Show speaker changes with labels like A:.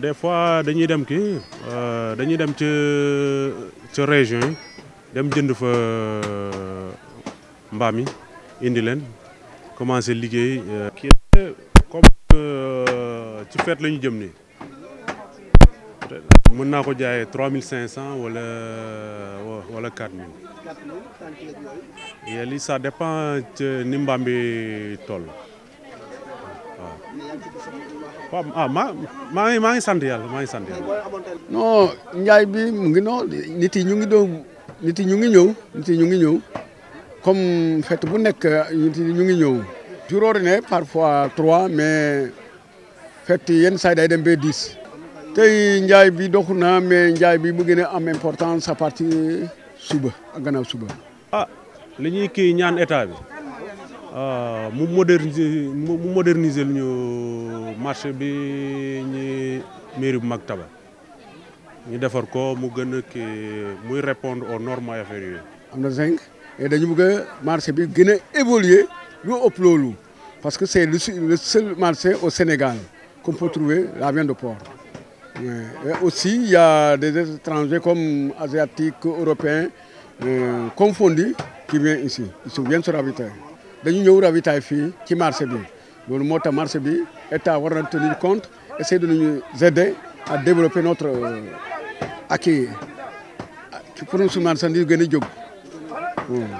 A: des fois dañuy dem kii euh, dañuy dem ca ci région yi dem jënd fa mbaam yi indi leen commencé liggéey. Euh, kii euh, ci fête la ñu jëm nii mën naa ko jaayee trois mille cinq cent wala wala quatre mille. yàlla ça dépend ni mbaam bi toll.
B: waaw
A: waaw ah, maa maa ngi maa ngi sant yàlla maa ngi sant
B: yàlla. njaay bi mu ngi noonu nit yi ñu ngi doon nit yi ñu ngi ñëw nit yi ñu ngi ñëw comme fête bu nekk nit yi ñu ngi ñëw. juróomi ne parfois trois mais fête yenn saa yi day dem ba dix. tey njaay bi doxu na mais njaay bi mu gën a am importance à suba ak gannaaw suba.
A: Ah, bi. Ah, mu moderniser moderniser marché bi ñi mairie bu mu répondre aux normes
B: affaires amna et dañu bëgg marché bi gëna évoluer lu parce que c'est le seul marché au Sénégal qu'on peut trouver la viande de porc. Et aussi, il y a des étrangers comme asiatiques, européens, euh, confondus, qui viennent ici. Ils viennent se ravitailler. dañu ñëw ravitaay fii ci marché bi loolu moo tax marché bi état war na tenir compte essayer de nous aider à développer notre euh, acquis pour ñu suñu marchandise gën a jóg. Hmm.